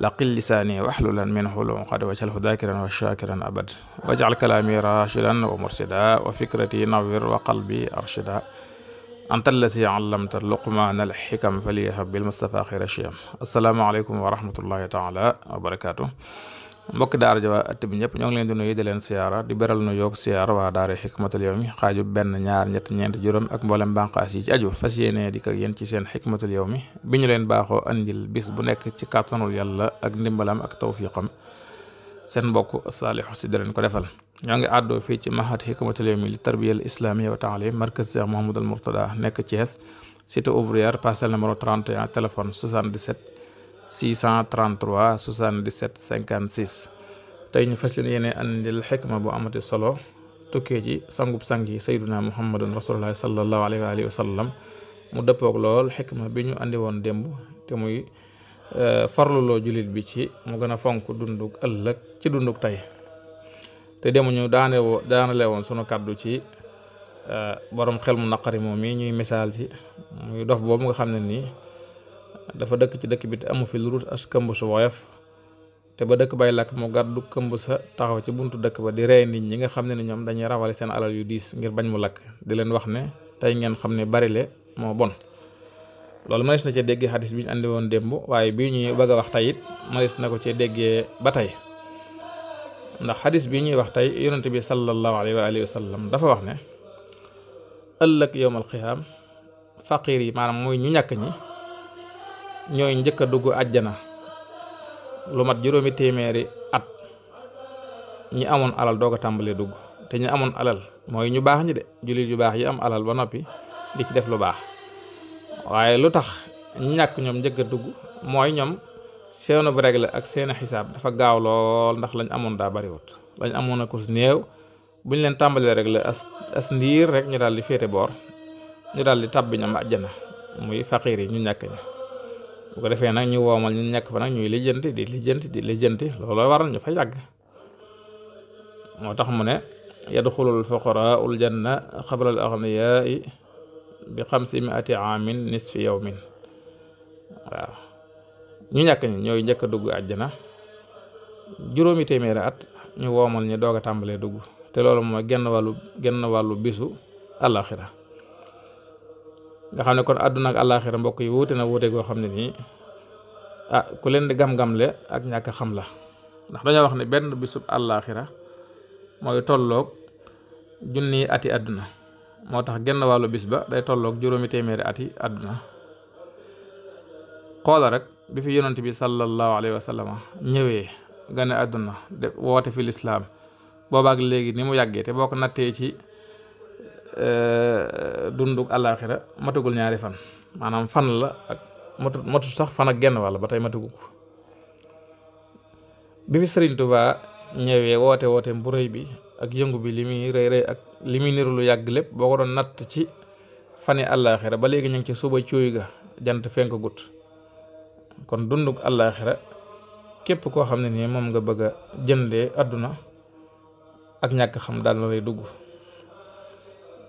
laqil lisaani waxlulan minhu lunqad waj'alhu dhaakiran wa shaakiran abad waj'al kalaami raashidan wa mursida wa fikrati nawwir wa qalbi arshida anta allasi allamta luqmaana alxikam faliyahab bilmustafa xayra shiyam assalaamu aleykum wa rahmatullahi taala wa barakaatu mbokki daara ja waa ëtt ñëpp ñoo ngi leen di nuyu siyaara di beral nu yoog siyaara waa daara xikmatul yawmi xaaju benn ñaar ñett ñeent juróom ak mboolem bànqaas yi ci aju fas yéene di ko yéen ci seen xikmatul yawmi bi ñu leen baaxoo andil bis bu nekk ci kàttanul yàlla ak ndimbalam ak tawfiqam seen mbokk saalixu si di ko defal ñoo ngi àddoo fii ci mahad xikmatul yawmi li tarbiyal islamiya wa taalim markaz cheikh mohamadul mourtada nekk Thiès cité 633 77 56 tey ñu fas yéene andil xikma bu amati solo tukkee ci sangub sang yi sayduna muhammadun rasulullahi sallallahu alayhi wa alihi wa sallam mu dëppoog lool xikma bi ñu andi woon démb te muy e, farluloo jullit bi ci mu gën a fonk dundug ëllëg ci dundug tey te demuñu daane woo daanale woon sunu kàddu ci e, borom xel mu naqari moom mii ñuy misaal ci muy dof boobu nga xam ne nii dafa dëkk ci dëkk bi te amu fi lu rut as këmb su woyof te ba dëkk bay lakk mu gàddu këmb sa taxaw ci buntu dëkk ba di rey nit ñi nga xam ne ni ñoom dañuy rawale seen alal yu diis ngir bañ mu lakk di leen wax ne tey ngeen xam ne bari le moo bon loolu mënees na cee déggee xadis bi ñu andi woon démb waaye bii ñuy bëgg a wax tey it mënees na ko cee déggee ba tey ndax xadis bi ñuy wax tey yonent bi sallallahu alayhi wa alihi wa sallam dafa wax ne ëllëg yowmal qiyaam yi maanaam mooy ñu ñàkk ñi ñooy njëkk a dugg àjjana lu mat juróomi téeméeri at ñi amoon alal doo ko tàmbalee dugg te ñi amoon alal mooy ñu baax ñi de jullit yu baax yi am alal ba noppi di ci def lu baax waaye lu tax ñi ñàkk ñoom njëkk a dugg mooy ñoom seenu breg la ak seeni xisaab dafa gaaw lool ndax lañ amoon daa bariwut lañ amoon a kus néew bu ñu leen tàmbalee rek la as as ndiir rek ñu daal di féete boor ñu daal di tàbbi ñoom àjjana muy faqiir yi ñu ñàkk ña bu defee nag ñu woomal ñu nekk fa nag ñuy lijjanti di lijjanti di lijjanti looloo waral ñu fa yàgg moo tax mu ne yadxulul fuqaraa'ul janna qabla al aghniyaa'i bi xamsi mi'ati aamin nisfi yawmin waaw ñu ñàkk ñi ñooy njëkk a dugg àjjana juróomi téeméeri at ñu woomal ñi doog a tàmbalee dugg te loolu mooy genn wàllu genn wàllu bisu àllaaxira nga xam ne kon àdduna ak àllaaxira mbokk yi wuute na wuute goo xam ne nii ah ku leen di gam-gamle ak ñàkk xam la ndax dañoo wax ne benn bisub àllaaxira mooy tolloog junniy ati àdduna moo tax genn wàllu bis ba day tolloog juróomi téeméeri ati àdduna xoola rek bi fi yonent bi sallallahu alayhi wa sallam ñëwee gane àdduna de woote fi lislaam boobaak léegi ni mu yàggee te boo ko nattee ci Eh, dunduk àllaaxira matagul ñaari fan maanaam fan la ak matu matu sax fan ak genn walla ba tey matagu ko bi fi Sëriñ Tuubaa ñëwee woote woote bu rëy bi ak yëngu bi li muy rëy rey ak li muy niru lu yàgg lépp boo ko doon natt ci fani àllaaxira ba léegi ñu ngi ci suba cuuy ga jant fenk gut kon dunduk àllaaxira képp koo xam ne nii moom nga bëgg a jëndee àdduna ak ñàkk xam daal na dugg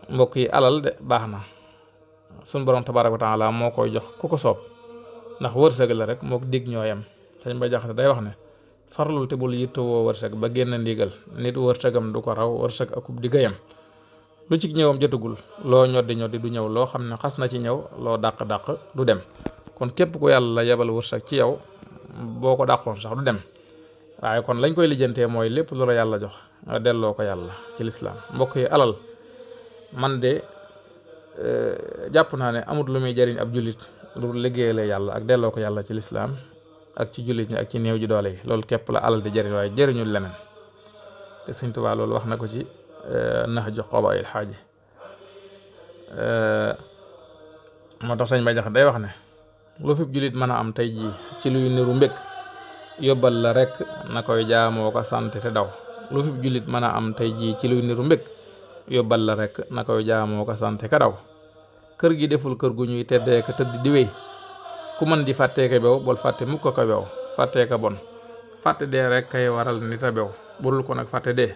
mbokk yi alal de baax na suñ borom tabaaraka wa taala moo koy jox ku ko soob ndax wërsëg la rek moo ko dig ñoo yem sëñ ba jaxate day wax ne farlul te bul yittewoo wërsëg ba génn ndigal nit wërsëgam du ko raw wërsëg akub diggayam lu ci ñëwam jotagul loo ñoddi ñoddi du ñëw loo xam ne xas na ci ñëw loo dàq-dàq du dem kon képp ku yàlla la yebal wërsëg ci yow boo ko dàqoon sax du dem waaye kon lañ koy lijjantee mooy lépp lu la yàlla jox nga delloo ko yàlla ci lislaam man de euh, jàpp naa ne amut lu muy jariñ ab jullit lu liggéeyale yàlla ak delloo ko yàlla ci lislaam ak ci jullit ñi ak ci néew ji doole yi loolu képp la alal di jariñ waaye jariñul leneen te Sëñ Tuubaa loolu wax na ko ci euh, Nahju Qadaa'il Haaji euh, moo tax sëñ Bay Jaxate day wax ne lu fi jullit mën a am tey jii ci luy niru mbég la rekk na koy jaamoo ko sant yóbbal la rek na koy jaamoo ko sante ka daw kër gi deful kër gu ñuy teddee ka tëdd di wéy ku mën di fàttee ka bew bul fàtte mukk ko bew fàttee ko bon fàtte dee rek kay waral nit a bew burul ko nag fàtte dee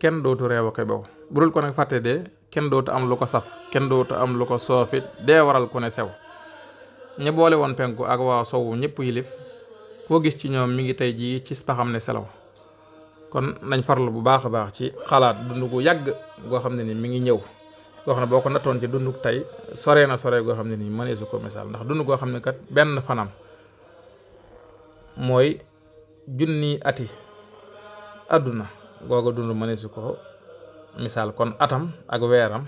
kenn dootu reew a ko bew burul ko nag fàtte dee kenn dootu am lu ko saf kenn dootu am lu ko soofit dee waral ku ne sew ñi boole woon penku ak waa sowu ñëpp yilif koo gis ci ñoom mi ngi tey jii ci paxam ne selaw kon nañ farlu bu baax a baax ci xalaat dund gu yàgg goo xam ne ni mi ngi ñëw goo xam ne boo ko nattoon ci dundu tey sore na sore goo xam ne nii mënee su ko misaal ndax dund goo ne kat benn fanam mooy junni ati àdduna googa dund mënee ko misaal kon atam ak weeram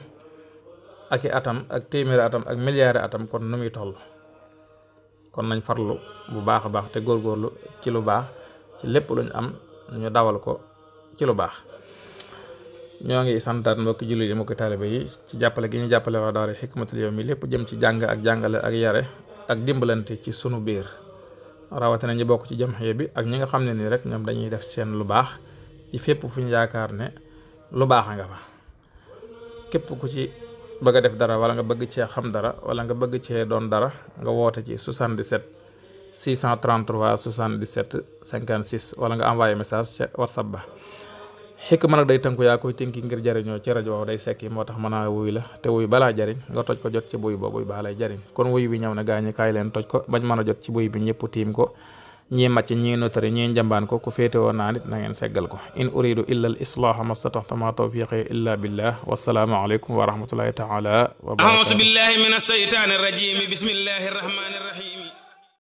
ak i atam ak téeméeri atam ak milliards atam kon nu muy toll kon nañ farlu bu baax a baax te góor góorgóorlu ci lu baax ci lépp luñ am ñu dawal ko ci lu baax ñoo ngi santaat mbokki jullit yi mbokki taalibe yi ci jàppale gi ñu jàppale waa daara Hikmatul Yawmi lépp jëm ci jàng ak jàngale ak yare ak dimbalante ci sunu biir rawatina ñi bokk ci jamxee bi ak ñi nga xam ne nii rek ñoom dañuy def seen lu baax ci fépp fu ñu yaakaar ne lu baaxa nga fa képp ku ci bëgg def dara wala nga bëgg cee xam dara wala nga bëgg cee doon dara nga woote ci 77 633 77 56 wala nga envoyé message ca whatsapp ba xikma nag day tënku yaa koy tënki ngir jariñoo ci rajo day sekki moo tax mën la te wuy balaa jariñ nga toj ko jot ci buy ba buy baa lay jariñ kon wuy bi ñëw na gaañi kaay leen toj ko bañ mën a jot ci buy bi ñëpp tiim ko ñii màcc ñii notari ñii njambaan ko ku féete woon naa na ngeen seggal ko in uridu illa al islaha mastataxta ma tawfiqi illa billah wasalaamu aleykum wa rahmatullahi taala